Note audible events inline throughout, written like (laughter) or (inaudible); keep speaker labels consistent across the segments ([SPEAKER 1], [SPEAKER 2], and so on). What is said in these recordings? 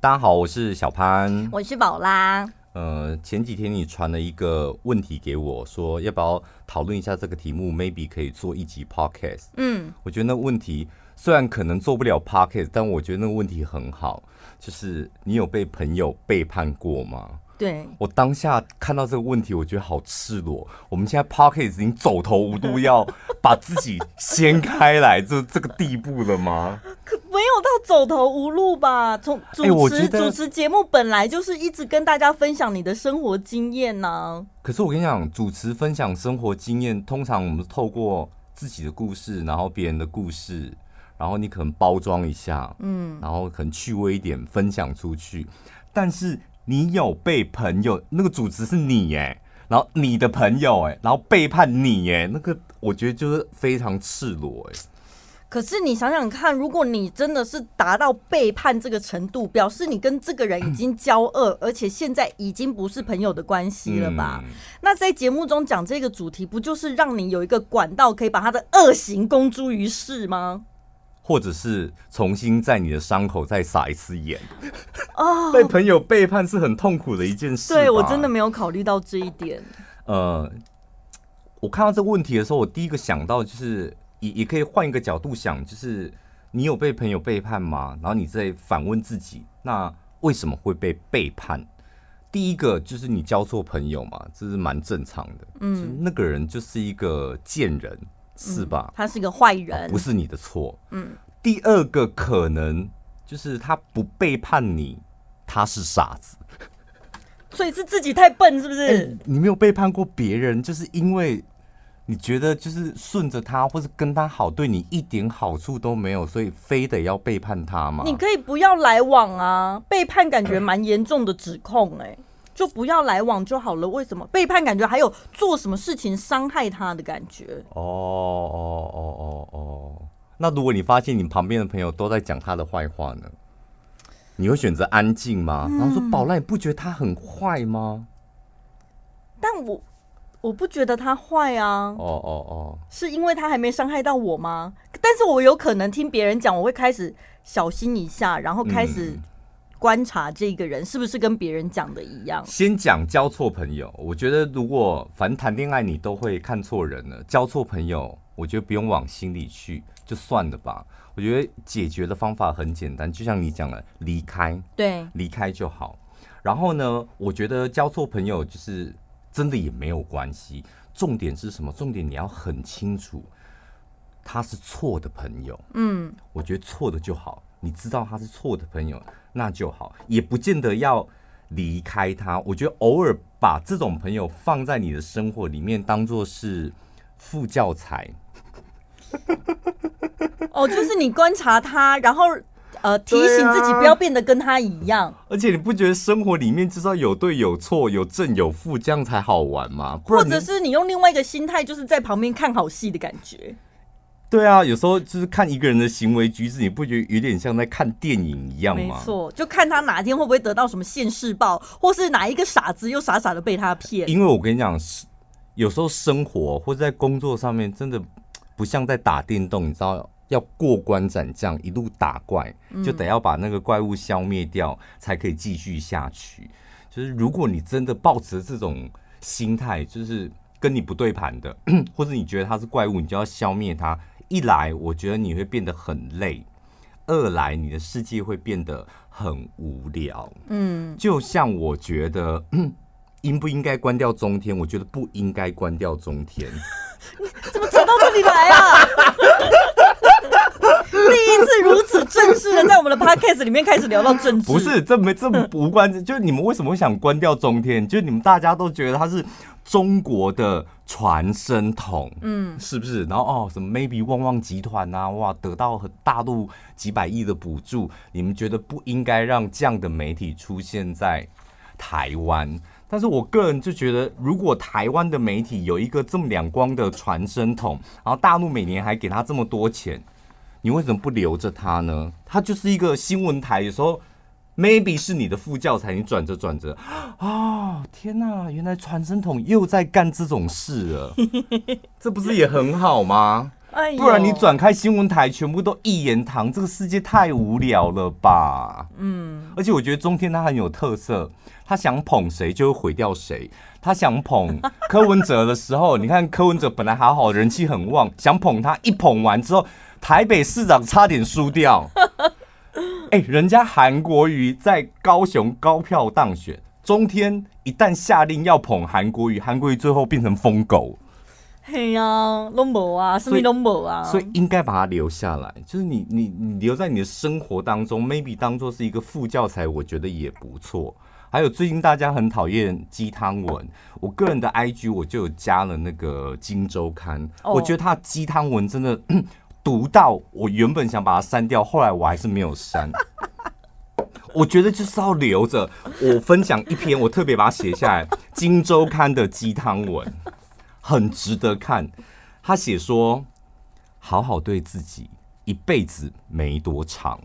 [SPEAKER 1] 大家好，我是小潘。
[SPEAKER 2] 我是寶拉。
[SPEAKER 1] 呃，前幾天你傳了一個問題給我說，要不要討論一下這個題目，maybe 可以做一集 podcast。嗯，我覺得那個問題雖然可能做不了 podcast，但我覺得那個問題很好，就是你有被朋友背叛過嗎？對，我當下看到這個問題，我覺得好赤裸。我們現在 podcast 已經走投無路，要把自己掀開來，這這個地步了嗎？
[SPEAKER 2] 可沒有到走投無路吧？從主持、欸、主持節目本來就是一直跟大家分享你的生活經驗呢、啊。
[SPEAKER 1] 可是我跟你講，主持分享生活經驗，通常我們透過自己的故事，然後別人的故事，然後你可能包裝一下，嗯，然後可能趣味一點分享出去，但是你有被朋友那個主子是你哎，然後你的朋友哎，然後背叛你哎，那個我覺得就是非常赤裸哎。
[SPEAKER 2] 可是你想想看，如果你真的是達到背叛這個程度，表示你跟這個人已經交惡， (coughs) 而且現在已經不是朋友的關係了吧？嗯，那在節目中講這個主題，不就是讓你有一個管道，可以把他的惡行公諸於世嗎？
[SPEAKER 1] 或者是重新在你的傷口再撒一次鹽。 (coughs) 被、oh, 朋友背叛是很痛苦的一件事。對，我真
[SPEAKER 2] 的沒有考慮到這一點。
[SPEAKER 1] 呃，我看到這個問題的時候，我第一個想到就是，也也可以換一個角度想，就是你有被朋友背叛嗎？然後你再反問自己，那為什麼會被背叛？第一個就是你交錯朋友嘛，這是蠻正常的。嗯，那個人就是一個賤人，是吧？嗯、他
[SPEAKER 2] 是一個壞人，哦，不
[SPEAKER 1] 是你的錯。嗯。第二個可能就是他不背叛你。他是傻子，
[SPEAKER 2] 所以是自己太笨，是不是、欸？
[SPEAKER 1] 你沒有背叛過別人，就是因為你覺得就是順着他，或是跟他好，對你一點好處都沒有，所以非得要背叛他嗎？你
[SPEAKER 2] 可以不要來往啊，背叛感覺蠻嚴重的指控、欸， (coughs) 就不要來往就好了。為什麼？背叛感覺還有做什麼事情傷害他的感覺？
[SPEAKER 1] 哦哦哦哦哦，那如果你發現你旁邊的朋友都在講他的壞話呢？你會選擇安靜嗎？嗯、然後說寶拉，你不覺得他很壞嗎？但我
[SPEAKER 2] 我不覺得他壞啊。哦哦
[SPEAKER 1] 哦，
[SPEAKER 2] 是因為他還沒傷害到我嗎？但是我有可能聽別人講，我會開始小心一下，然後開始觀察這個人是不是跟別人講的一樣。嗯、
[SPEAKER 1] 先講交錯朋友，我覺得如果反正談戀愛你都會看錯人了，交錯朋友，我覺得不用往心裡去，就算了吧。我覺得解決的方法很簡單，就像你講的，離開，對，離開就好。然後呢，我覺得交錯朋友就是真的也沒有關係。重點是什麼？重點你要很清楚，他是錯的朋友。嗯，我覺得錯的就好。你知道他是錯的朋友，那就好，也不見得要離開他。我覺得偶爾把這種朋友放在你的生活裡面，當做是副教材。 (laughs)
[SPEAKER 2] 哦，就是你觀察他，然後
[SPEAKER 1] 呃提醒自己不要
[SPEAKER 2] 變得跟他一
[SPEAKER 1] 樣，對啊。而且你不覺得生活裡面至少有對有錯，有正有負，這樣才好玩嗎？或者是
[SPEAKER 2] 你用另外一個心態，就是在旁邊看好戲的感覺。
[SPEAKER 1] 對啊，有時候就是看一個人的行為舉止，你不覺得有點像在看電影一樣嗎？沒錯，
[SPEAKER 2] 就看他哪天會不會得到什麼現世報，或是哪一個傻子又傻傻的被他騙。因為我
[SPEAKER 1] 跟你講，有時候生活或者在工作上面，真的不像在打電動，你知道？要過關斬將，一路打怪，就得要把那個怪物消滅掉，嗯、才可以繼續下去。就是如果你真的抱持這種心態，就是跟你不對盤的，或者你覺得他是怪物，你就要消滅他。一來，我覺得你會變得很累；二來，你的世界會變得很無聊。嗯，就像我覺得應不應該關掉中天，我覺得不應該關掉中天。
[SPEAKER 2] (laughs) 你怎麼扯到這裡來啊？ (laughs) (laughs) 第一次如此正式的在我們的 podcast 裡面開始聊到政治， (laughs) 不是
[SPEAKER 1] 這沒這無關， (laughs) 就是你們為什麼會想關掉中天？就是你們大家都覺得他是中國的傳聲筒，嗯，是不是？然後哦，什麼 maybe 旺旺集團啊，哇，得到很大陸幾百億的補助，你們覺得不應該讓這樣的媒體出現在台灣？但是我個人就覺得，如果台灣的媒體有一個這麼兩光的傳聲筒，然後大陸每年還給他這麼多錢。你為什麼不留着他呢？他就是一個新聞台，有時候 maybe 是你的副教材。你轉着轉着，啊、哦，天哪、啊！原來傳聲筒又在幹這種事了， (laughs) 這不是也很好嗎？哎呦，不然你轉開新聞台，全部都一言堂，這個世界太無聊了吧？嗯，而且我覺得中天他很有特色，他想捧誰就會毀掉誰。他想捧柯文哲的時候， (laughs) 你看柯文哲本來好好，人氣很旺，想捧他一捧完之後。台北市長差點輸掉，哎、 (laughs) 欸，人家韓國瑜在高雄高票當選，中天一旦下令要捧韓國瑜，韓國瑜最後變成瘋狗。
[SPEAKER 2] 嘿啊，攏無啊，所以攏無啊所，所
[SPEAKER 1] 以應該把他留下來，就是你你你留在你的生活當中，maybe 當做是一個副教材，我覺得也不錯。還有最近大家很討厭雞湯文，我個人的 IG 我就有加了那個《鏡週刊》，oh. 我覺得他雞湯文真的。 (coughs) 讀到我原本想把它刪掉，後來我還是沒有刪。我覺得就是要留着。我分享一篇，我特別把它寫下來，《鏡週刊》的雞湯文，很值得看。他寫說：“好好對自己，一輩子沒多長；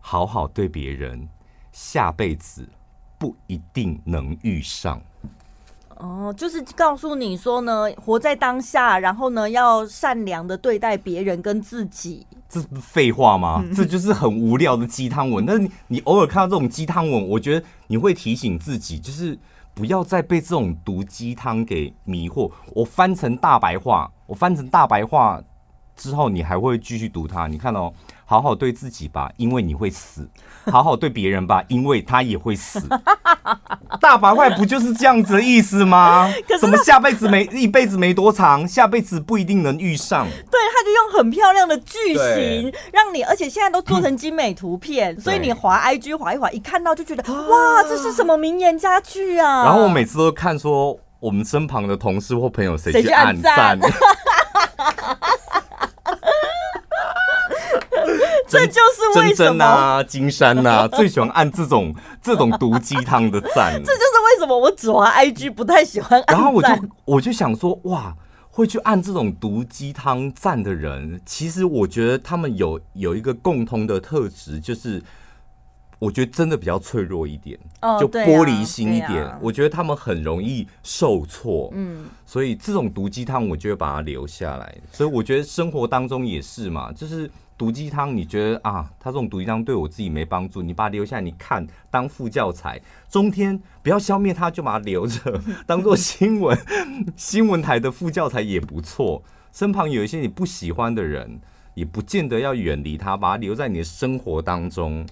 [SPEAKER 1] 好好對別人，下輩子不一定能遇上。”
[SPEAKER 2] 哦，就是告訴你說呢，活在當下，然後呢，要善良的對待別人跟自己。
[SPEAKER 1] 這不廢話嗎？嗯、哼這就是很無聊的雞湯文。但是你，你偶爾看到這種雞湯文，我覺得你會提醒自己，就是不要再被這種毒雞湯給迷惑。我翻成大白話，我翻成大白話之後，你還會繼續讀它？你看哦。好好對自己吧，因為你會死；好好對別人吧， (laughs) 因為他也會死。大白塊不就是這樣子的意思嗎？什是怎麼下輩子沒 (laughs) 一輩子沒多長，下輩子不一定能遇上。對，他就用很漂亮的
[SPEAKER 2] 句型對讓你，而且現在都做成精美圖片，嗯、所以你滑 IG 滑一滑，一看到就覺得對哇，這是什麼名言佳句啊！然後我每
[SPEAKER 1] 次都看說，我們身旁的同事或朋友誰去按讚。 (laughs) 真 這就是為什麼真真啊，金山啊，最喜歡按這種這種毒雞湯的讚。這就
[SPEAKER 2] 是為什麼我只玩 IG，不太喜歡按。然後我就
[SPEAKER 1] 我就想說，哇，會去按這種毒雞湯讚的人，其實我覺得他們有有一個共通的特質，就是。我覺得真的比較脆弱一點，oh, 就玻璃心一點。啊啊、我覺得他們很容易受挫，嗯，所以這種毒雞湯，我就會把它留下來。所以我覺得生活當中也是嘛，就是毒雞湯，你覺得啊，他這種毒雞湯對我自己沒幫助，你把它留下來。你看當副教材。中天不要消滅它，就把它留着，當做新聞， (laughs) 新聞台的副教材也不錯。身旁有一些你不喜歡的人，也不見得要遠離他，把它留在你的生活當中。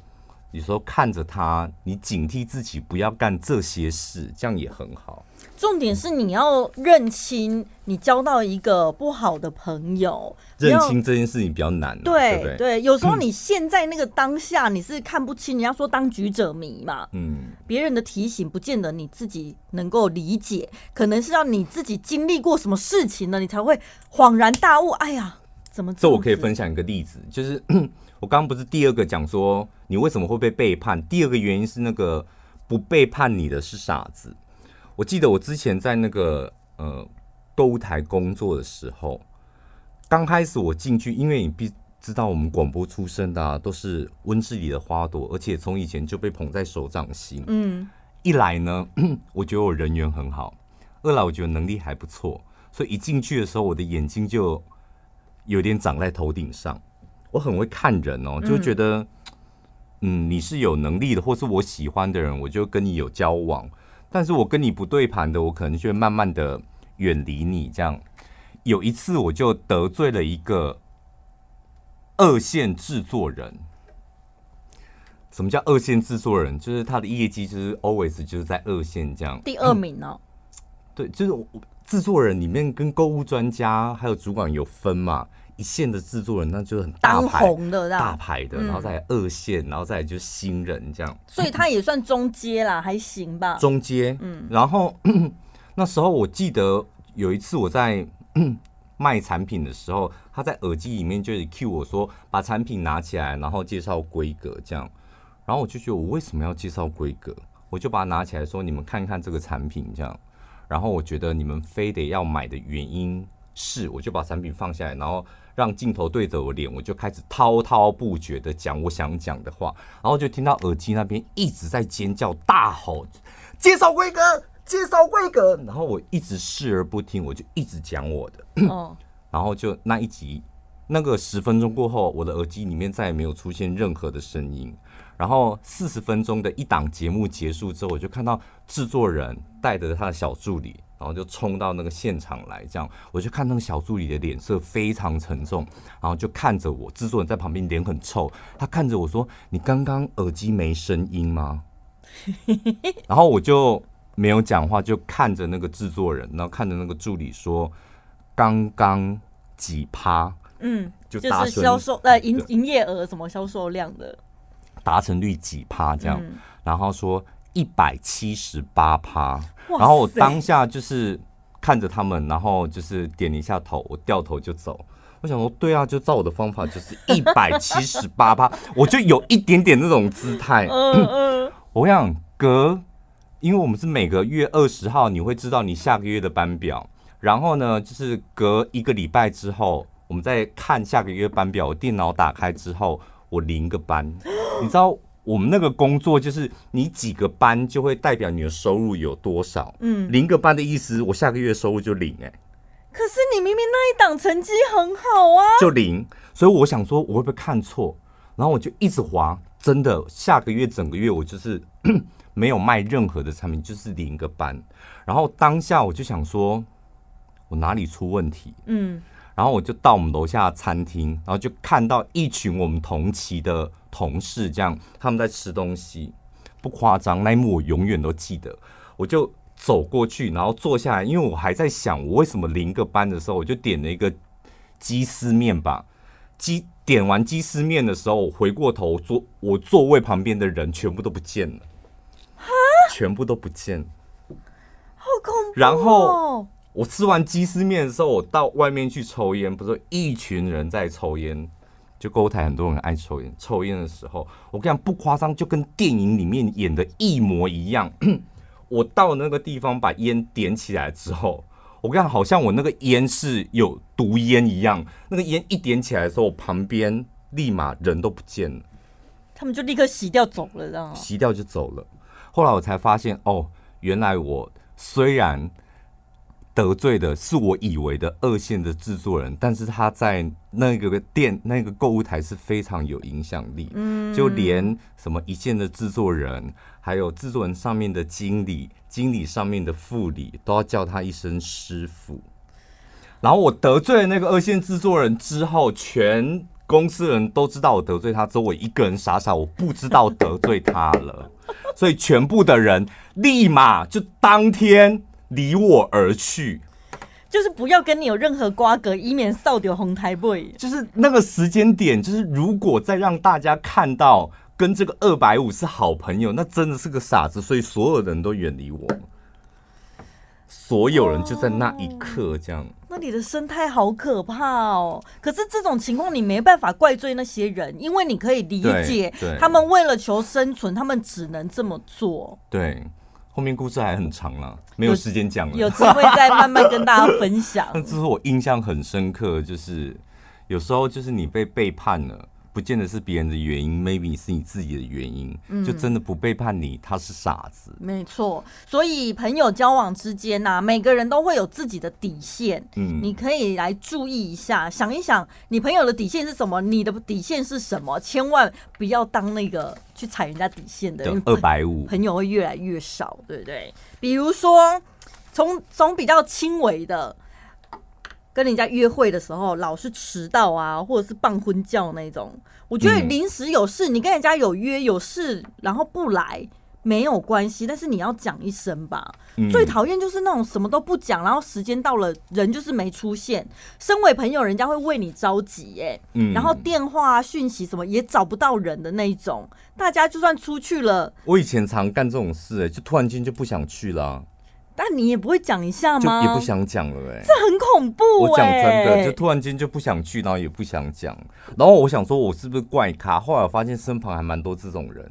[SPEAKER 1] 你說看着他，你警惕自己不要幹這些事，這樣也很好。
[SPEAKER 2] 重點是你要認清你交到一個不好的朋友。嗯、要認清
[SPEAKER 1] 這件事情比較難。對對，對對，嗯、有時候你
[SPEAKER 2] 現在那個當下你是看不清，你要說當局者迷嘛。嗯。別人的提醒不見得你自己能夠理解，可能是要你自己經歷過什麼事情了，你才會恍然大悟。哎呀，怎麼這？這我可
[SPEAKER 1] 以分享一個例子，就是、嗯。我剛不是第二個講說你為什麼會被背叛，第二個原因是那個不背叛你的是傻子。我記得我之前在那個呃購物台工作的時候，剛開始我進去，因為你必知道我們廣播出身的、啊、都是溫室裡的花朵，而且從以前就被捧在手掌心。嗯，一來呢，我覺得我人緣很好，二來我覺得我能力還不錯，所以一進去的時候，我的眼睛就有點長在頭頂上。我很會看人哦，就覺得，嗯，你是有能力的，或是我喜歡的人，我就跟你有交往。但是我跟你不對盤的，我可能就會慢慢的遠離你。這樣，有一次我就得罪了一個二線制作人。什麼叫二線制作人？就是他的業績就是 always 就是在二線這樣。
[SPEAKER 2] 第二名呢？
[SPEAKER 1] 對，就是我制作人裡面跟購物專家還有主管有分嘛。一線的製作人，那就很大牌，當紅的是不是，大牌的，嗯、然後再來二線，然後再來就是新人這樣，
[SPEAKER 2] 所以他也算中階啦， (laughs) 還行吧？中
[SPEAKER 1] 階階，嗯。然後 (coughs) 那時候我記得有一次我在 (coughs) 賣產品的時候，他在耳機裡面就 cue 我說：“把產品拿起來，然後介紹規格。”這樣，然後我就覺得我為什麼要介紹規格？我就把它拿起來說：“你們看看這個產品。”這樣，然後我覺得你們非得要買的原因是，我就把產品放下來，然後。讓鏡頭對着我臉，我就開始滔滔不絕地講我想講的話，然後就聽到耳機那邊一直在尖叫大吼，介紹規格，介紹規格，然後我一直視而不聽，我就一直講我的。哦。然後就那一集那個十分鐘過後，我的耳機裡面再也沒有出現任何的聲音。然後四十分鐘的一檔節目結束之後，我就看到制作人帶着他的小助理。然後就衝到那個現場來，這樣我就看那個小助理的臉色非常沉重，然後就看着我，制作人在旁邊臉很臭，他看着我說：“你剛剛耳機沒聲音嗎？”然後我就沒有講話，就看着那個制作人，然後看着那個助理說：“剛剛幾趴？”嗯，就是銷
[SPEAKER 2] 售呃營營業額什麼銷售量的
[SPEAKER 1] 達成率幾趴這樣，然後說。一百七十八趴，然後我當下就是看着他們，然後就是點了一下頭，我掉頭就走。我想說，對啊，就照我的方法，就是一百七十八趴， (laughs) 我就有一點點那種姿態、呃呃。 (coughs) 我想隔，因為我們是每個月二十號，你會知道你下個月的班表。然後呢，就是隔一個禮拜之後，我們再看下個月班表。我電腦打開之後，我零個班， (coughs) 你知道。我們那個工作就是，你幾個班就會代表你的收入有多少。嗯，零個班的意思，我下個月收入就零哎、欸。
[SPEAKER 2] 可是你明明那一檔成績很好啊，
[SPEAKER 1] 就零。所以我想說，我會不會看錯？然後我就一直滑，真的下個月整個月我就是 (coughs) 沒有賣任何的產品，就是零個班。然後當下我就想說，我哪裡出問題？嗯。然後我就到我們樓下的餐廳，然後就看到一群我們同期的同事這樣，他們在吃東西。不誇張，那一幕我永遠都記得。我就走過去，然後坐下來，因為我還在想，我為什麼零個班的時候，我就點了一個雞絲麵吧。雞，點完雞絲麵的時候，我回過頭，我坐我座位旁邊的人全部都不見了，哈全部都不見了，好恐怖哦。然後。我吃完雞絲麵的時候，我到外面去抽菸，不是一群人在抽菸，就購物台，很多人愛抽菸。抽菸的時候，我跟你講不誇張，就跟電影裡面演的一模一樣。 (coughs) 我到那個地方把菸點起來之後，我跟你講，好像我那個菸是有毒菸一樣。那個菸一點起來的時候，我旁邊立馬人都不見了，
[SPEAKER 2] 他們就立刻洗掉走了，啊，知道嗎？
[SPEAKER 1] 洗掉就走了。後來我才發現，哦，原來我雖然。得罪的是我以為的二線的製作人，但是他在那個店那個購物台是非常有影響力，嗯，就連什麼一線的製作人，還有製作人上面的經理，經理上面的副理，都要叫他一聲師傅。然後我得罪了那個二線製作人之後，全公司人都知道我得罪他，只有我一個人傻傻我不知道得罪他了， (laughs) 所以全部的人立馬就當天。離我而去，
[SPEAKER 2] 就是不要跟你有任何瓜葛，以免掃到颱風尾。就是
[SPEAKER 1] 那個時間點，就是如果再讓大家看到跟這個二百五是好朋友，那真的是個傻子。所以所有人都遠離我，所有人就在那一刻這樣。
[SPEAKER 2] 哦，那你的生態好可怕哦！可是這種情況你沒辦法怪罪那些人，因為你可以理解，他們為了求生存，他們只能這麼做。
[SPEAKER 1] 對。後面故事還很長啦，沒有時間講了，有機會再慢慢跟大家分享。那只 (laughs) 是我印象很深刻，就是有時候就是你被背叛了。不見得是別人的原因，maybe 是你自己的原因，嗯、就真的不背叛你，他是傻子。
[SPEAKER 2] 沒錯，所以朋友交往之間呐、啊，每個人都會有自己的底線，嗯，你可以來注意一下，想一想你朋友的底線是什麼，你的底線是什麼，千萬不要當那個去踩人家底線的人，二
[SPEAKER 1] 百五，朋
[SPEAKER 2] 友會越來越少，對不對？比如說，從從比較輕微的。跟人家約會的時候老是遲到啊，或者是辦婚教那種，我覺得臨時有事，你跟人家有約有事然後不來沒有關係，但是你要講一聲吧。最討厭就是那種什麼都不講，然後時間到了人就是沒出現。身為朋友，人家會為你着急哎，然後電話訊息什麼也找不到人的那一種。大家就算出去了，
[SPEAKER 1] 我以前常幹這種事，哎，就突然間就不想去了。
[SPEAKER 2] 但你也不會講一下嗎？就也不
[SPEAKER 1] 想講了哎、欸，這很
[SPEAKER 2] 恐怖、欸。我講真的，就突
[SPEAKER 1] 然間就不想去，然後也不想講。然後我想說，我是不是怪咖？後來我發現身旁還蠻多這種人。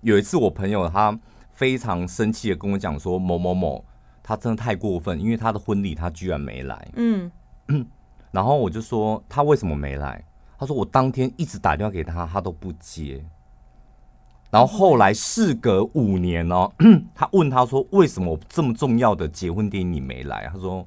[SPEAKER 1] 有一次，我朋友他非常生氣的跟我講說，某某某，他真的太過分，因為他的婚禮他居然沒來。嗯， (coughs) 然後我就說他為什麼沒來？他說我當天一直打電話給他，他都不接。然後後來事隔五年哦，他問他說：“為什麼我這麼重要的結婚典禮你沒來？”他說：“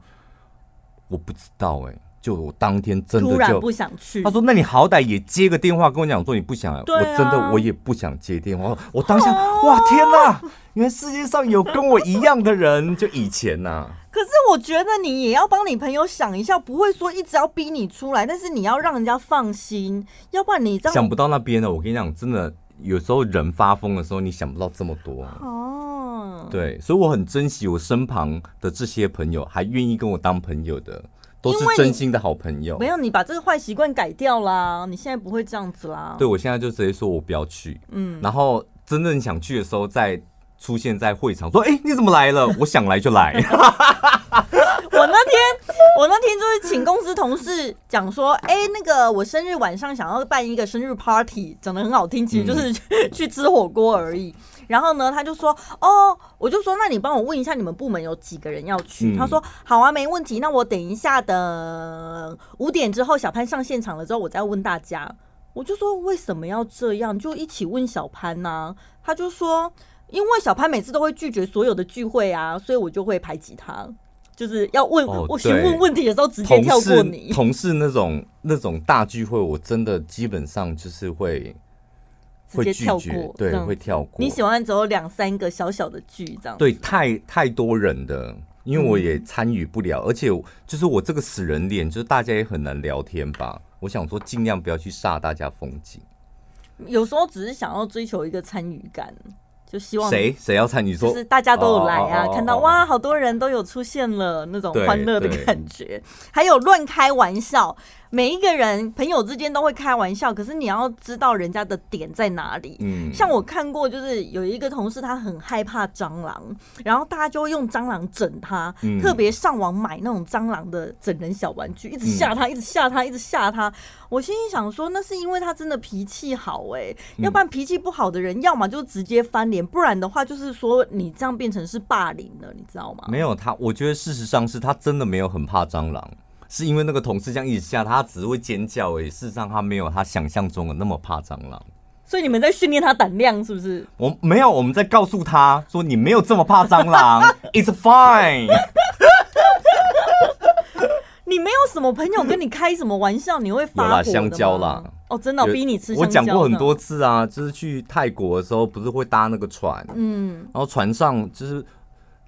[SPEAKER 1] 我不知道哎、欸，就我當天真的就突然不想去。”他說：“那你好歹也接個電話跟我講說你不想來。”對、啊，我真的我也不想接電話。我當下哇天吶，原來世界上有跟我一樣的人，就以前吶、
[SPEAKER 2] 啊。 (laughs) 可是我覺得你也要幫你朋友想一下，不會說一直要逼你出來，但是你要讓人家放心，要不然你想不
[SPEAKER 1] 到那邊的。我跟你講，真的。有時候人發瘋的時候，你想不到這麼多哦。
[SPEAKER 2] 對，
[SPEAKER 1] 所以我很珍惜我身旁的這些朋友，還願意跟我當朋友的，都是真心的好朋友。沒有，
[SPEAKER 2] 你把這個壞習慣改掉啦，你現在不會這樣子啦。對，我
[SPEAKER 1] 現在就直接說我不要去，嗯，然後真正想去的時候再。出現在會場，說：“哎、欸，你怎麼來了？ (laughs) 我想來就來。”
[SPEAKER 2] 我那天，我那天就是請公司同事講說：“哎、欸，那個我生日晚上想要辦一個生日 party，講得很好聽，其實就是 (laughs) 去吃火鍋而已。”然後呢，他就說：“哦，我就說那你幫我問一下你們部門有幾個人要去。嗯”他說：“好啊，沒問題。那我等一下，等五點之後小潘上現場了之後，我再問大家。”我就說：“為什麼要這樣？”就一起問小潘呢、啊，他就說。因為小潘每次都會拒絕所有的聚會啊，所以我就會排擠他，就是要問我詢、哦、問問題的時候直接跳過你，同
[SPEAKER 1] 事那種那種大聚會，我真的基本上就是會，會直接跳過，對，會跳過。你
[SPEAKER 2] 喜歡只有兩三個小小的聚這樣？對，
[SPEAKER 1] 太太多人的，因為我也參與不了，嗯、而且就是我這個死人臉，就是大家也很難聊天吧。我想說盡量不要去煞大家風景。
[SPEAKER 2] 有時候只是想要追求一個參與感。就希望誰
[SPEAKER 1] 誰要參與，就是大家都有來啊！看到哇，
[SPEAKER 2] 好多人都有出現了那種歡樂的感
[SPEAKER 1] 覺，
[SPEAKER 2] 還有亂開玩笑。每一個人朋友之間都會開玩笑，可是你要知道人家的點在哪裡。嗯，像我看過，就是有一個同事他很害怕蟑螂，然後大家就會用蟑螂整他，嗯、特別上網買那種蟑螂的整人小玩具，一直嚇他，一直嚇他，一直嚇他，一直嚇他。我心裡想說，那是因為他真的脾氣好哎、欸，嗯、要不然脾氣不好的人，要麼就直接翻臉，不然的話就是說你這樣變成是霸凌了，你知道嗎？
[SPEAKER 1] 沒有，他，我覺得事實上是他真的沒有很怕蟑螂。是因為那個同事這樣一直嚇他，只是會尖叫哎、欸。事實上，他沒有他想象中的那麼怕蟑螂。
[SPEAKER 2] 所以你們在訓練他膽量，是不是？
[SPEAKER 1] 我沒有，我們在告訴他說，你沒有這麼怕蟑螂 (laughs) ，It's fine。
[SPEAKER 2] (laughs) 你沒有什麼朋友跟你開什麼玩笑，你會發火的嗎？香蕉
[SPEAKER 1] 啦，哦，oh, 真的，有逼你吃。我講過很多次啊，就是去泰國的時候，不是會搭那個船，嗯，然後船上就是。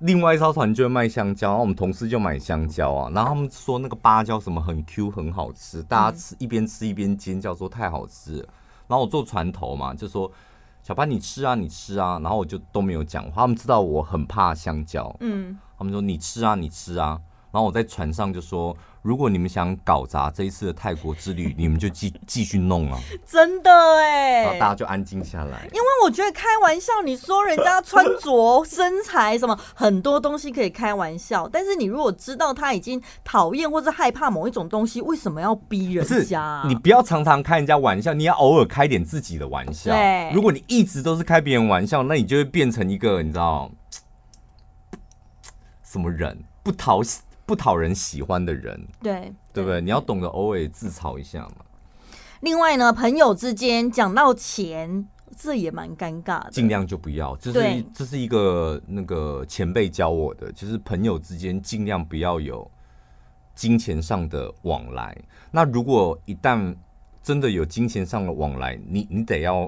[SPEAKER 1] 另外一艘船就會賣香蕉，然後我們同事就買香蕉啊，然後他們說那個芭蕉什麼很 Q 很好吃，大家吃，一邊吃一邊尖叫說太好吃了，然後我坐船頭嘛，就說小潘你吃啊你吃啊，然後我就都沒有講話，他們知道我很怕香蕉，嗯，他們說你吃啊你吃啊，然後我在船上就說。如果你們想搞砸這一次的泰國之旅， (laughs) 你們就繼，繼繼續弄了。
[SPEAKER 2] 真的哎、欸，大家
[SPEAKER 1] 就安靜下來。
[SPEAKER 2] 因為我覺得開玩笑，你說人家穿着、身材什麼 (laughs) 很多東西可以開玩笑，但是你如果知道他已經討厭或者害怕某一種東西，為什麼要逼人家？
[SPEAKER 1] 你不要常常開人家玩笑，你要偶爾開點自己的玩笑。對如果你一直都是開別人玩笑，那你就會變成一個你知道什麼人不討喜。不討人喜歡的人，對對不對？對對對。你要懂得偶爾自嘲一下嘛。
[SPEAKER 2] 另外呢，朋友之間講到錢，這也蠻尷尬的，
[SPEAKER 1] 盡量就不要，這、就是對這是一個那個前輩教我的，就是朋友之間盡量不要有金錢上的往來。那如果一旦真的有金錢上的往來，你你得要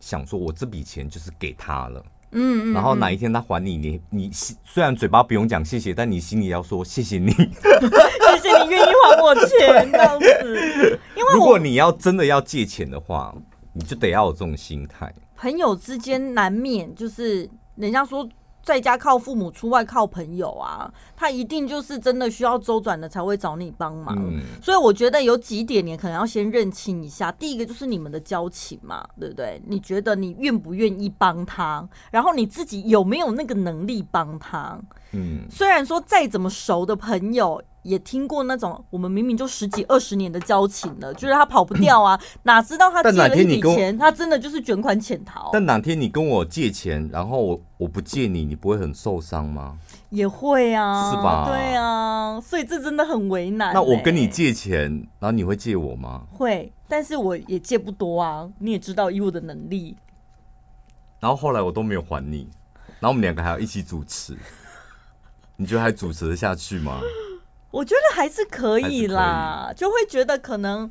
[SPEAKER 1] 想說，我這筆錢就是給他了。嗯，嗯，嗯、然後哪一天他還你，你你雖然嘴巴不用講謝謝，但你心裡要說謝謝你，
[SPEAKER 2] (laughs) 謝謝你願意還我錢，真的
[SPEAKER 1] 是。因為如果你要真的要借錢的話，你就得要有這種心態。
[SPEAKER 2] 朋友之間難免就是人家說。在家靠父母，出外靠朋友啊！他一定就是真的需要周轉的，才會找你幫忙，嗯、所以我覺得有幾點你可能要先認清一下。第一個就是你們的交情嘛，對不對？你覺得你願不願意幫他？然後你自己有沒有那個能力幫他？嗯，雖然說再怎麼熟的朋友。也聽過那種，我們明明就十幾二十年的交情了，就是他跑不掉啊！ (coughs) 哪知道他借了一筆錢，他真的就是捲款潛逃。
[SPEAKER 1] 但哪天你跟我借錢，然後我我不借你，你不會很受傷嗎？
[SPEAKER 2] 也會啊，是吧？對啊，所以這真的很為難欸。那我跟你
[SPEAKER 1] 借錢，然後你會借我嗎？
[SPEAKER 2] 會，但是我也借不多啊，你也知道以我的能力。
[SPEAKER 1] 然後後來我都沒有還你，然後我們兩個還要一起主持， (laughs) 你覺得還主持得下去嗎？ (laughs)
[SPEAKER 2] 我覺得還是可以啦，以就會覺得可能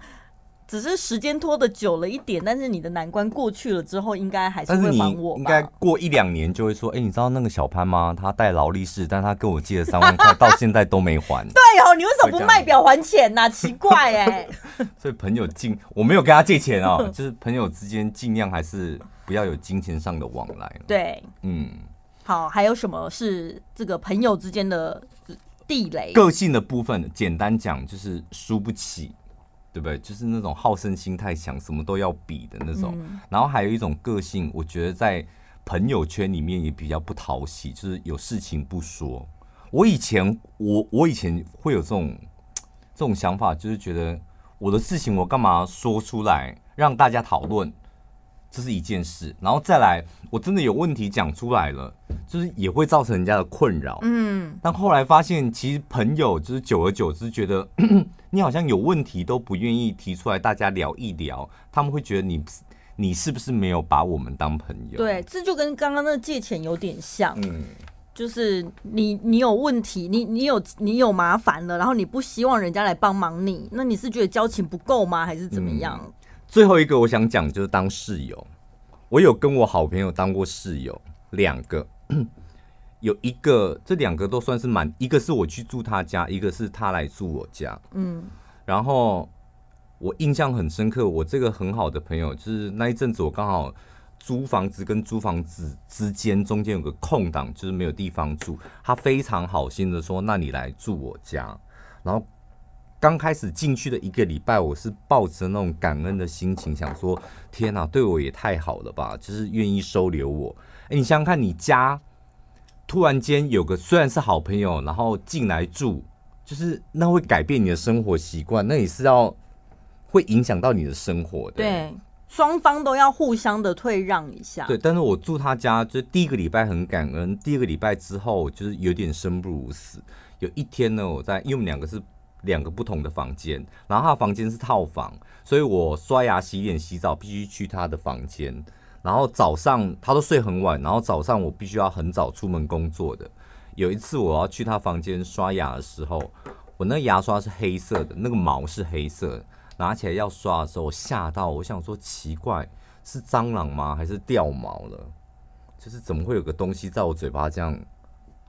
[SPEAKER 2] 只是時間拖得久了一點，但是你的難關過去了之後，應該還是會幫我。應該
[SPEAKER 1] 過一兩年就會說，哎、 (laughs) 欸，你知道那個小潘嗎？他戴勞力士，但他跟我借了三萬塊， (laughs) 到現在都沒還。
[SPEAKER 2] 對哦，你為什麼不賣表還錢呢、啊？ (laughs) 奇怪哎、欸。
[SPEAKER 1] 所以朋友盡，我沒有跟他借錢哦， (laughs) 就是朋友之間盡量還是不要有金錢上的往來。對，嗯。
[SPEAKER 2] 好，還有什麼是這個朋友之間的？地雷個
[SPEAKER 1] 性的部分，簡單講就是輸不起，對不對？就是那種好勝心太強，什麼都要比的那種。嗯。然後還有一種個性，我覺得在朋友圈裡面也比較不討喜，就是有事情不說。我以前，我我以前會有這種這種想法，就是覺得我的事情我幹嘛說出來讓大家討論？這是一件事。然後再來，我真的有問題講出來了，就是也會造成人家的困擾。嗯。但後來發現，其實朋友就是久而久之，覺得咳咳你好像有問題都不願意提出來，大家聊一聊，他們會覺得你你是不是沒有把我們當朋友？
[SPEAKER 2] 對，這就跟剛剛那個借錢有點像，嗯，就是你你有問題，你你有你有麻煩了，然後你不希望人家來幫忙你，那你是覺得交情不夠嗎？還是怎麼樣？嗯，
[SPEAKER 1] 最後一個我想講就是當室友，我有跟我好朋友當過室友，兩個。 (coughs) 有一個，這兩個都算是蠻一個是我去住他家，一個是他來住我家。嗯，然後我印象很深刻，我這個很好的朋友，就是那一陣子我剛好租房子跟租房子之間中間有個空檔，就是沒有地方住，他非常好心地說：“那你來住我家。”然後剛開始進去的一個禮拜，我是抱着那種感恩的心情，想說：“天哪，對我也太好了吧！”就是願意收留我。哎，你想想看你家。突然間有個雖然是好朋友，然後進來住，就是那會改變你的生活習慣，那也是要會影響到你的生活的。對，
[SPEAKER 2] 雙方都要互相的退讓一下。對，
[SPEAKER 1] 但是我住他家，就第一個禮拜很感恩，第二個禮拜之後就是有點生不如死。有一天呢，我在因為我們兩個是兩個不同的房間，然後他房間是套房，所以我刷牙、洗臉、洗澡必須去他的房間。然後早上他都睡很晚，然後早上我必須要很早出門工作的。有一次我要去他房間刷牙的時候，我那牙刷是黑色的，那個毛是黑色的，拿起來要刷的時候，我嚇到，我想說奇怪，是蟑螂嗎？還是掉毛了？就是怎麼會有個東西在我嘴巴這樣，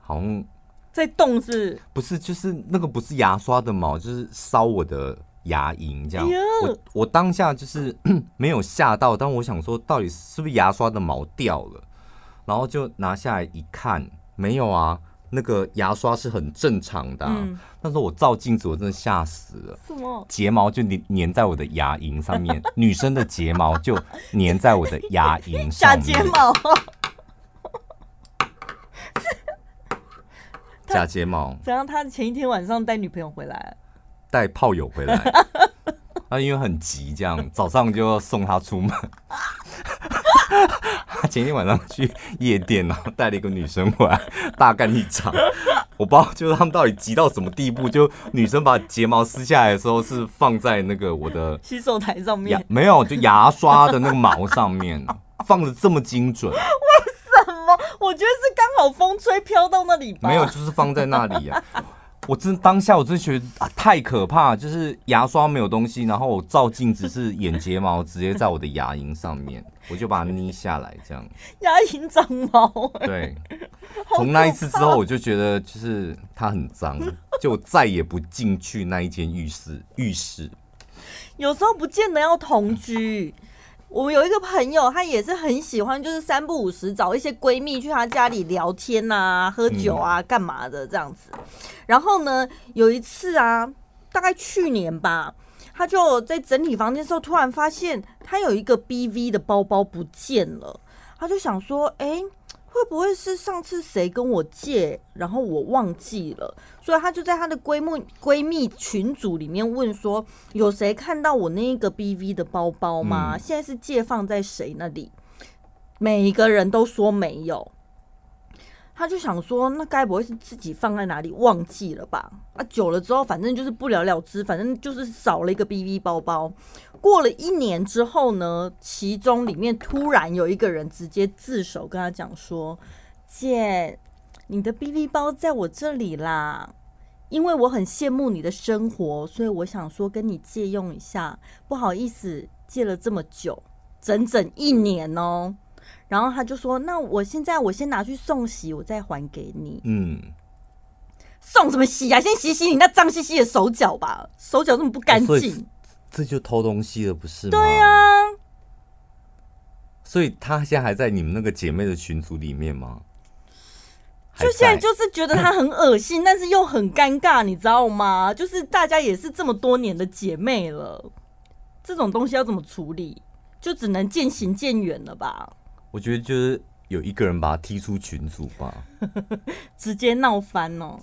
[SPEAKER 1] 好像
[SPEAKER 2] 在動，是
[SPEAKER 1] 不是？就是那個不是牙刷的毛，就是燒我的，牙齦這樣，我我當下就是沒有嚇到，但我想說，到底是不是牙刷的毛掉了？然後就拿下來一看，沒有啊，那個牙刷是很正常的啊。但是我照鏡子，我真的嚇死了，睫毛就粘在我的牙齦上面，女生的睫毛就粘在我的牙齦上面，假睫毛，假睫毛。
[SPEAKER 2] 怎樣？他前一天晚上帶女朋友回來。
[SPEAKER 1] 帶炮友回來，他、啊、因為很急，這樣早上就要送他出門。他 (laughs) 前天晚上去夜店，然後帶了一個女生回來，大幹一場。我不知道，就是他們到底急到什麼地步，就女生把睫毛撕下來的時候，是放在那個我的
[SPEAKER 2] 洗手台上面？
[SPEAKER 1] 沒有，就牙刷的那個毛上面，放得這麼精準。
[SPEAKER 2] 為什麼？我覺得是剛好風吹飄到那裡。沒有，
[SPEAKER 1] 就是放在那裡呀、啊。我真當下，我真覺得啊太可怕，就是牙刷沒有東西，然後我照鏡子是眼睫毛 (laughs) 直接在我的牙齦上面，我就把它捏下來這樣。
[SPEAKER 2] 牙齦長毛，對。從那一次之後，我就
[SPEAKER 1] 覺得就是它很髒，就再也不進去那一間浴室。浴室
[SPEAKER 2] 有時候不見得要同居。 (laughs) 我們有一個朋友，她也是很喜歡，就是三不五時，找一些閨蜜去她家裡聊天啊、喝酒啊、幹嘛的這樣子。然後呢，有一次啊，大概去年吧，她就在整理房間的時候，突然發現她有一個 BV 的包包不見了。她就想說，哎、欸。會不會是上次誰跟我借，然後我忘記了，所以她就在她的閨蜜閨蜜群組裡面問說，有誰看到我那個 BV 的包包嗎？嗯、現在是借放在誰那裡？每一個人都說沒有。他就想說，那該不會是自己放在哪裡忘記了吧？啊，久了之後，反正就是不了了之，反正就是少了一個 BB 包包。過了一年之後呢，其中裡面突然有一個人直接自首，跟他講說：“姐，你的 BB 包在我這裡啦，因為我很羨慕你的生活，所以我想說跟你借用一下，不好意思借了這麼久，整整一年哦、喔。”然後他就說：“那我現在我先拿去送洗，我再還給你。”嗯，送什麼洗啊？先洗洗你那髒兮兮的手腳吧，手腳這麼不乾淨，哦，
[SPEAKER 1] 這就偷東西了，不是嗎？對啊，所以他現在還在你們那個姐妹的群組裡面嗎？
[SPEAKER 2] 就現在就是覺得他很惡心， (laughs) 但是又很尷尬，你知道嗎？就是大家也是這麼多年的姐妹了，這種東西要怎麼處理？就只能漸行漸遠了吧。
[SPEAKER 1] 我覺得就是有一個人把他踢出群組吧，
[SPEAKER 2] 呵呵，直接鬧翻哦，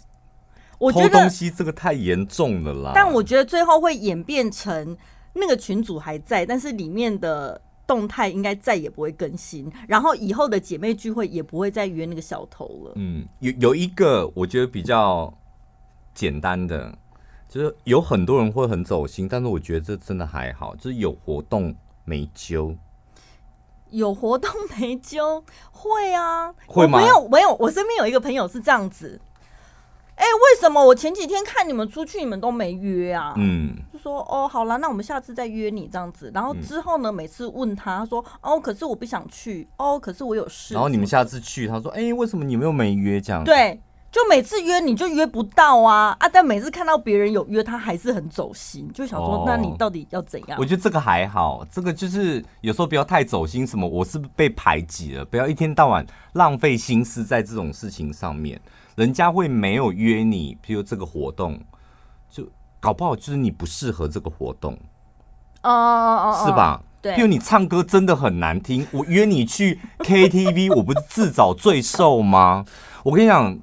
[SPEAKER 2] 我覺得偷東
[SPEAKER 1] 西這個太嚴重了啦。但我
[SPEAKER 2] 覺得最後會演變成那個群組還在，但是裡面的動態應該再也不會更新，然後以後的姐妹聚會也不會再約那個小偷了。
[SPEAKER 1] 嗯，有有一個我覺得比較簡單的，就是有很多人會很走心，但是我覺得這真的還好，就是有活動沒揪。
[SPEAKER 2] 有活動沒揪，會啊，會嗎？我沒有沒有，我身邊有一個朋友是這樣子，哎、欸，為什麼？我前幾天看你們出去，你們都沒約啊，嗯，就說哦，好啦，那我們下次再約你這樣子。然後之後呢，嗯、每次問他，他說哦，可是我不想去，哦，可是我有事。然後你們
[SPEAKER 1] 下次去，他說，哎、欸，為什麼你們又沒約？這樣子，對。
[SPEAKER 2] 就每次約你就約不到啊啊！但每次看到別人有約，他還是很走心，就想說：oh, 那你到底要怎樣？我覺
[SPEAKER 1] 得這個還好，這個就是有時候不要太走心。什麼？我是被排擠了？不要一天到晚浪費心思在這種事情上面。人家會沒有約你，譬如這個活動，就搞不好就是你不適合這個活動。
[SPEAKER 2] 哦哦、oh, oh, oh, oh, 是吧？
[SPEAKER 1] 對。譬如你唱歌真的很難聽，我約你去 KTV， (laughs) 我不是自找罪受嗎？我跟你講。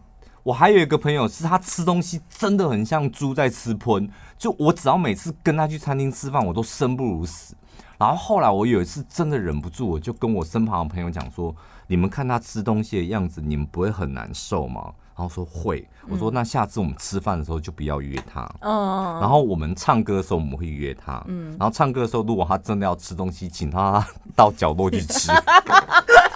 [SPEAKER 1] 我還有一個朋友，是他吃東西真的很像豬在吃噴。就我只要每次跟他去餐廳吃飯，我都生不如死。然後後來我有一次真的忍不住，我就跟我身旁的朋友講說：“你們看他吃東西的樣子，你們不會很難受嗎？”然後說會。我說：“那下次我們吃飯的時候就不要約他。”然後我們唱歌的時候我們會約他。嗯。然後唱歌的時候，如果他真的要吃東西，請他到角落去吃。 (laughs) (laughs)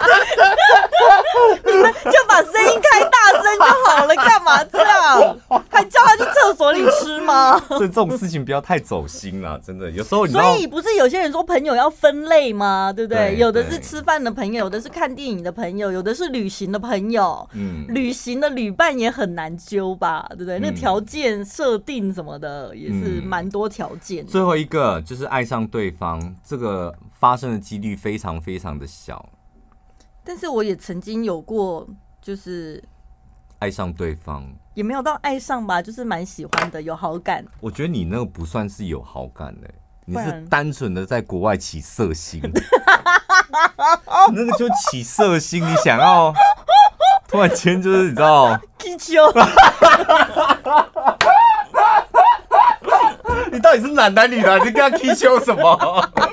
[SPEAKER 1] 你們就
[SPEAKER 2] 把聲音開大聲就好了，幹嘛這樣？還叫他去廁所裡吃嗎？所以這種事情
[SPEAKER 1] 不要太走心了，真的。有時候你，所以
[SPEAKER 2] 不是有些人說朋友要分類嗎？對不對？對、對，有的是吃飯的朋友，有的是看電影的朋友，有的是旅行的朋友。嗯，旅行的旅伴也很難揪吧？對不對？嗯、那條件設定什麼的也是蠻多條件。最
[SPEAKER 1] 後一個就是愛上對方，這個發生的幾率非常非常的小。
[SPEAKER 2] 但是我也曾經有過，就是
[SPEAKER 1] 愛上對方，
[SPEAKER 2] 也沒有到愛上吧，就是蠻喜歡的，有好感。
[SPEAKER 1] 我覺得你那個不算是有好感的，欸，你是單純的在國外起色心，那個就起色心，你想要突然間就是你知道 kiss 你到底是男的女的？啊？你跟他 kiss 什麼？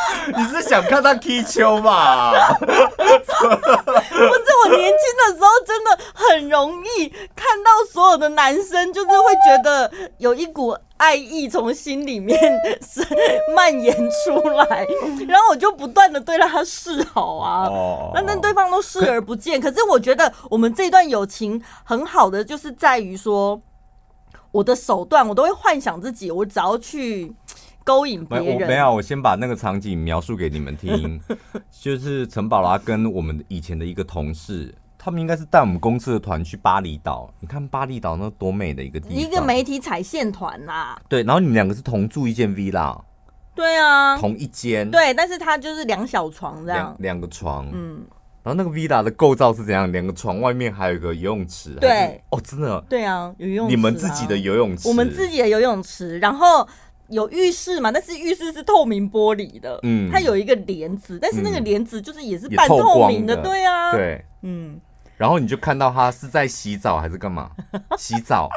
[SPEAKER 1] (laughs) 你是想看他踢球吧？ (laughs) 不是，我年
[SPEAKER 2] 輕的時候真的很容易看到所有的男生，就是會覺得有一股愛意從心裡面是 (laughs) 蔓延出來，然後我就不斷的對他示好啊，那、oh. 但，但對方都視而不見。可是我覺得我們這段友情很好的就是在於說，我的手段我都會幻想自己，我只要去。勾引別人。沒，我沒有。
[SPEAKER 1] 我先把那個場景描述給你們聽， (laughs) 就是陳寶拉跟我們以前的一個同事，他們應該是帶我們公司的團去巴厘島。你看巴厘島那多美的一個地方，一個
[SPEAKER 2] 媒體踩線團啊，
[SPEAKER 1] 對，然後你們兩個是同住一間 villa，
[SPEAKER 2] 對啊，同
[SPEAKER 1] 一間，對。
[SPEAKER 2] 但是它就是兩小床這樣，
[SPEAKER 1] 兩個床，嗯。然後那個 villa 的構造是怎樣？兩個床外面還有一個游泳池，對，哦，真的，
[SPEAKER 2] 對啊，有游泳池啊，你們自己的游
[SPEAKER 1] 泳池，我們自己
[SPEAKER 2] 的游泳池，然後。有浴室嘛？但是浴室是透明玻璃的，嗯，它有一個簾子，但是那個簾子就是也是半透明的，的對啊，對，嗯。
[SPEAKER 1] 然後你就看到他是在洗澡還是幹嘛？ (laughs) 洗澡？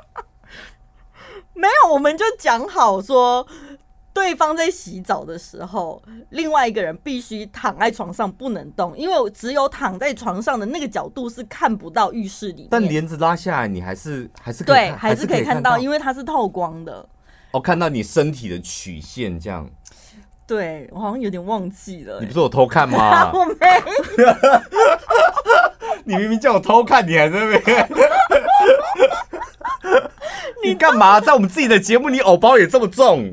[SPEAKER 2] 沒有，我們就講好說，對方在洗澡的時候，另外一個人必須躺在床上不能動，因為只有躺在床上的那個角度是看不到浴室裡。但簾
[SPEAKER 1] 子拉下來，你還是還是可以。對，還是可以看到，因
[SPEAKER 2] 為它是透光的。
[SPEAKER 1] 我、哦、看到你身體的曲線，這樣，
[SPEAKER 2] 對，我好像有點忘記了、欸。你不
[SPEAKER 1] 是有偷看嗎？ (laughs) 我沒。 (laughs) (laughs) 你明明叫我偷看，你還在那邊。 (laughs) (laughs) 你幹嘛在我們自己的節目裡？你偶包也這麼重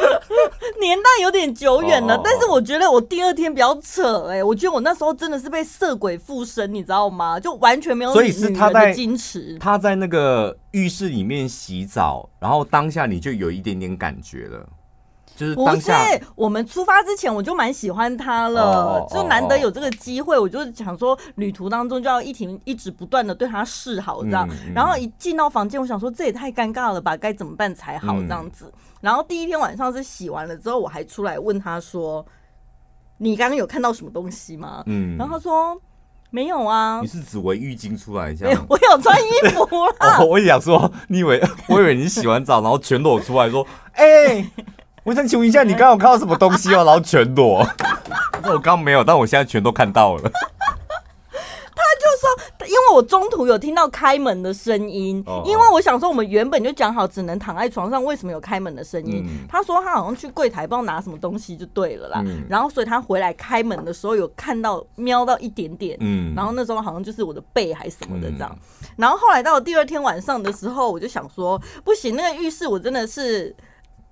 [SPEAKER 1] (laughs) ？
[SPEAKER 2] 年代有點久遠了，哦哦哦哦，但是我覺得我第二天比較扯哎、欸，我覺得我那時候真的是被色鬼附身，你知道嗎？就完全沒有，所以是他在矜
[SPEAKER 1] 持，他在那個浴室裡面洗澡，然後當下你就有一點點感覺了。不是，
[SPEAKER 2] 我們出發之前我就蠻喜歡他了，oh, oh, oh, oh. 就難得有這個機會，我就想說旅途當中就要一停一直不斷的對他示好，這樣、嗯、然後一進到房間，我想說這也太尷尬了吧，該怎麼辦才好？這樣子。嗯、然後第一天晚上是洗完了之後，我還出來問他說：“你剛剛有看到什麼東西嗎？”嗯，然後他說：“沒有啊。”
[SPEAKER 1] 你是指圍浴巾出來？一下、欸？’我有穿衣服了。哦， (laughs) 我也想說，你以為我以為你洗完澡 (laughs) 然後全裸出來說，哎、欸。 (laughs) 我想請問一下，你剛剛有看到什麼東西哦、喔？ (laughs) 然後全裸。 (laughs) (laughs) 我剛沒有，但我現在全都看到了。
[SPEAKER 2] (laughs) 他就說，因為我中途有聽到開門的聲音，哦哦，因為我想說我們原本就講好只能躺在床上，為什麼有開門的聲音？嗯、他說他好像去櫃檯，幫我拿什麼東西就對了啦。嗯、然後所以他回來開門的時候有看到，瞄到一點點，嗯，然後那時候好像就是我的背還是什麼的這樣。嗯、然後後來到了第二天晚上的時候，我就想說不行，那個浴室我真的是。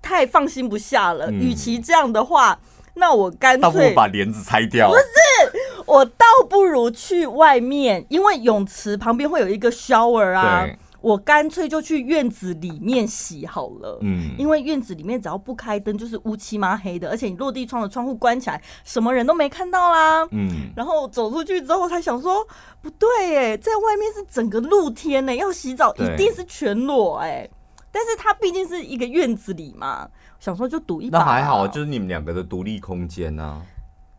[SPEAKER 2] 太放心不下了，嗯、與其這樣的話，那我乾脆……不把
[SPEAKER 1] 簾子拆掉。不
[SPEAKER 2] 是，我倒不如去外面，因為泳池旁邊會有一個 shower 啊。對。我乾脆就去院子裡面洗好了。嗯。因為院子裡面只要不開燈，就是烏漆嘛黑的，而且你落地窗的窗戶關起來，什麼人都沒看到啦。嗯。然後走出去之後，才想說，不對耶、欸，在外面是整個露天呢、欸，要洗澡一定是全裸哎、欸。但是它畢竟是一個院子裡嘛，想說就賭一把啊。那還好，
[SPEAKER 1] 就是你們兩個的獨立空間啊。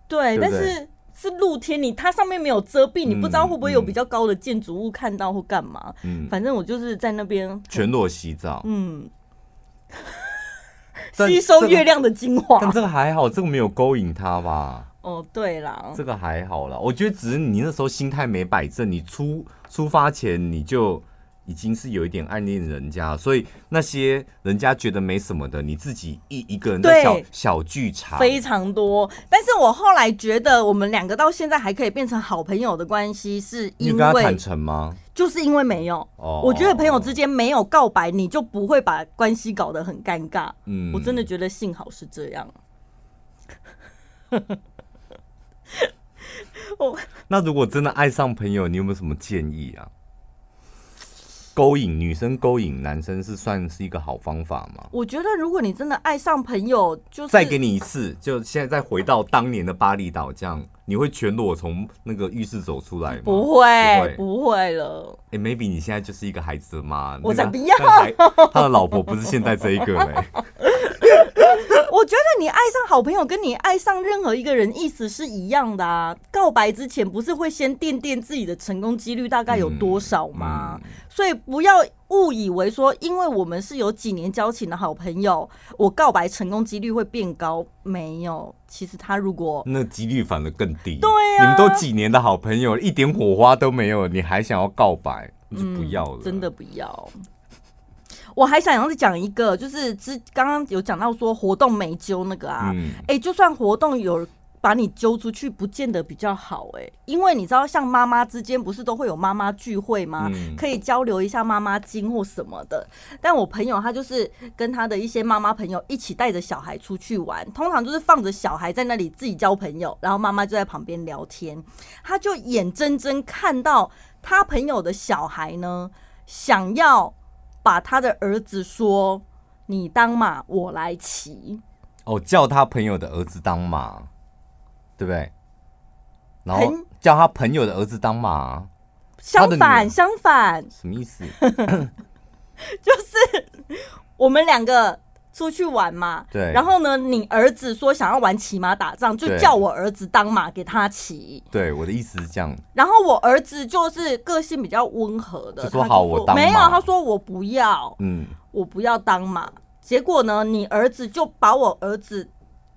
[SPEAKER 1] 對，對對，但是
[SPEAKER 2] 是露天，你，它上面沒有遮蔽，你不知道會不會有比較高的建築物看到或幹嘛。嗯，反正我就是在那邊、嗯嗯、
[SPEAKER 1] 全裸洗澡，
[SPEAKER 2] 嗯，
[SPEAKER 1] 這個、 (laughs) 吸收月亮的
[SPEAKER 2] 精華。但這
[SPEAKER 1] 個還好，這個沒有勾引他吧？
[SPEAKER 2] 哦，對啦，這
[SPEAKER 1] 個還好啦。我覺得只是你那時候心態沒擺正，你出出發前你就。已經是有一點暗戀人家，所以那些人家覺得沒什麼的，你自己一一個人的小對小劇場非常
[SPEAKER 2] 多。但是我後來覺得，我們兩個到現在還可以變成好朋友的關係，是因為你跟他坦誠嗎？就是因為沒有。哦，我覺得朋友之間沒有告白，你就不會把關係搞得很尷尬。嗯，我真的覺得幸好是這樣。
[SPEAKER 1] (laughs) 我 那如果真的愛上朋友，你有沒有什麼建議啊？勾引女生，勾引男生是算是一個好方法嗎？
[SPEAKER 2] 我覺得，如果你真的愛上朋友，就再
[SPEAKER 1] 給你一次，就現在再回到當年的巴厘島這樣。你會全裸從那個浴室走出來嗎？不會，不會，不
[SPEAKER 2] 會了。
[SPEAKER 1] 哎、欸、，maybe 你現在就是一個孩子的媽，我才不要、那個。他的老婆不是現在這一個嘞。
[SPEAKER 2] 我覺得你愛上好朋友跟你愛上任何一個人意思是一樣的啊。告白之前不是會先掂掂自己的成功幾率大概有多少嗎？嗯、所以不要。誤以為說，因為我們是有幾年交情的好朋友，我告白成功幾率會變高？沒有，其實他如果
[SPEAKER 1] 那幾率反而更低。對呀、啊，你們都幾年的好朋友，一點火花都沒有，你還想要告白？嗯，不要了、嗯，
[SPEAKER 2] 真的不要。我還想要再講一個，就是之剛剛有講到說活動沒揪那個啊，哎、嗯欸，就算活動有。把你揪出去不見得比較好哎、欸，因為你知道，像媽媽之間不是都會有媽媽聚會嗎？嗯、可以交流一下媽媽經或什麼的。但我朋友他就是跟他的一些媽媽朋友一起帶着小孩出去玩，通常就是放着小孩在那裡自己交朋友，然後媽媽就在旁邊聊天。他就眼睜睜看到他朋友的小孩呢，想要把他的兒子說：“你當馬，我來騎。”
[SPEAKER 1] 哦，叫他朋友的兒子當馬。對不對？然後叫他朋友的兒子當馬啊。相反，相反，什麼意思？ (laughs)
[SPEAKER 2] 就是我們兩個出去玩嘛。對。然後呢，你兒子說想要玩騎馬打仗，就叫我兒子當馬給他騎。
[SPEAKER 1] 對，對，我的意思是這樣。
[SPEAKER 2] 然後我兒子就是個性比較溫和的，就說好就我當。沒有，他說我不要。嗯。我不要當馬。結果呢，你兒子就把我兒子。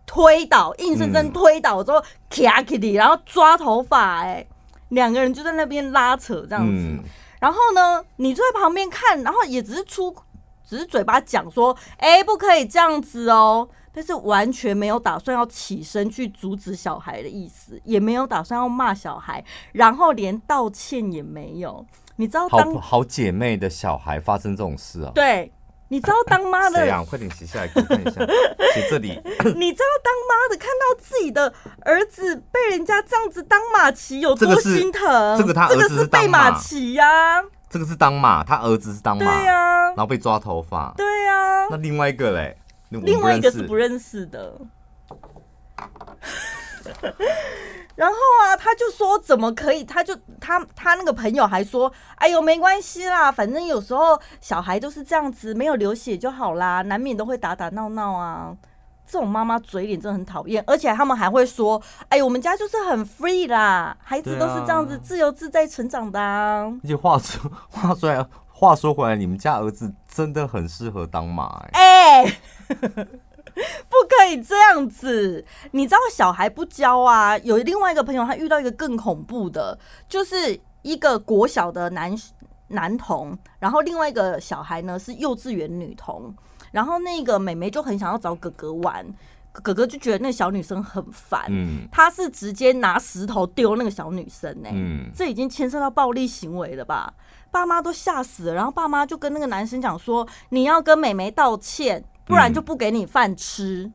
[SPEAKER 2] 推倒，硬生生推倒之後，騎上去，然後抓頭髮、欸，哎，兩個人就在那邊拉扯這樣子。嗯、然後呢，你坐在旁邊看，然後也只是出，只是嘴巴講說，哎、欸，不可以這樣子哦、喔。但是完全沒有打算要起身去阻止小孩的意思，也沒有打算要罵小孩，然後連道歉也沒有。你知道當，好
[SPEAKER 1] 好姐妹的小孩發生這種事啊？對。
[SPEAKER 2] 你知道當媽的、啊？誰呀？我
[SPEAKER 1] 快點寫下來，給我看一下。寫 (laughs) 這裡。
[SPEAKER 2] (coughs) 你知道當媽的看到自己的兒子被人家這樣子當馬騎有多心疼，這這個他兒子是當馬，這個是被馬騎呀、
[SPEAKER 1] 啊。這個是當馬，他兒子是當馬，對呀、啊。然後被抓頭髮，對呀、啊。對啊、那另外一個嘞？另外一個是不
[SPEAKER 2] 認識的。 (laughs) 然後啊，他就說怎麼可以？他就他他那個朋友還說，哎呦，沒關係啦，反正有時候小孩都是這樣子，沒有流血就好啦，難免都會打打鬧鬧啊。這種媽媽嘴臉真的很討厭，而且他們還會說，哎，我們家就是很 free 啦，孩子都是這樣子自由自在成長的啊，啊。而
[SPEAKER 1] 且話說話說話說回來，回來你們家兒子真的很適合當媽欸。
[SPEAKER 2] 哎。 (laughs) (laughs) 不可以這樣子，你知道小孩不教啊。有另外一個朋友，他遇到一個更恐怖的，就是一個國小的男男童，然後另外一個小孩呢是幼稚園女童，然後那個妹妹就很想要找哥哥玩，哥哥就覺得那個小女生很煩，他是直接拿石頭丟那個小女生呢、欸，這已經牽涉到暴力行為了吧？爸媽都嚇死了，然後爸媽就跟那個男生講說，你要跟妹妹道歉。不然就不給你飯吃。嗯、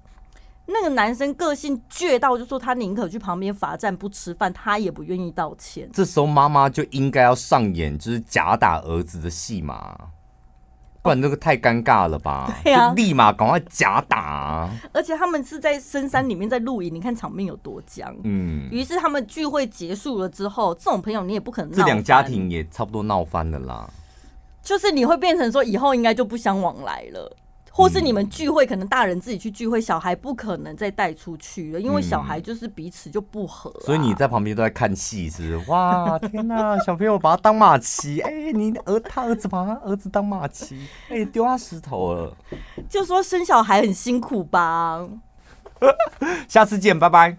[SPEAKER 2] 那個男生個性倔到，就說他寧可去旁邊罰站不吃飯，他也不願意道歉。
[SPEAKER 1] 這時候媽媽就應該要上演就是假打兒子的戲碼，不然這個太尷尬了吧？哦、對啊、就立馬趕快假打。
[SPEAKER 2] 而且他們是在深山裡面在露營，嗯、你看場面有多僵。嗯。於是他們聚會結束了之後，這種朋友你也不可能。這兩家庭
[SPEAKER 1] 也差不多鬧翻了啦。
[SPEAKER 2] 就是你會變成說，以後應該就不相往來了。或是你們聚會，可能大人自己去聚會，小孩不可能再帶出去了，因為小孩
[SPEAKER 1] 就是彼此就不合、啊嗯。所以你在旁邊都在看戲，是不是？哇，天哪、啊！ (laughs) 小朋友把他當馬騎，哎、欸，你兒他兒子把他兒子當馬騎，哎、欸，丟下石頭了。
[SPEAKER 2] 就說生小孩很辛苦吧。
[SPEAKER 1] (laughs) 下次見，拜拜。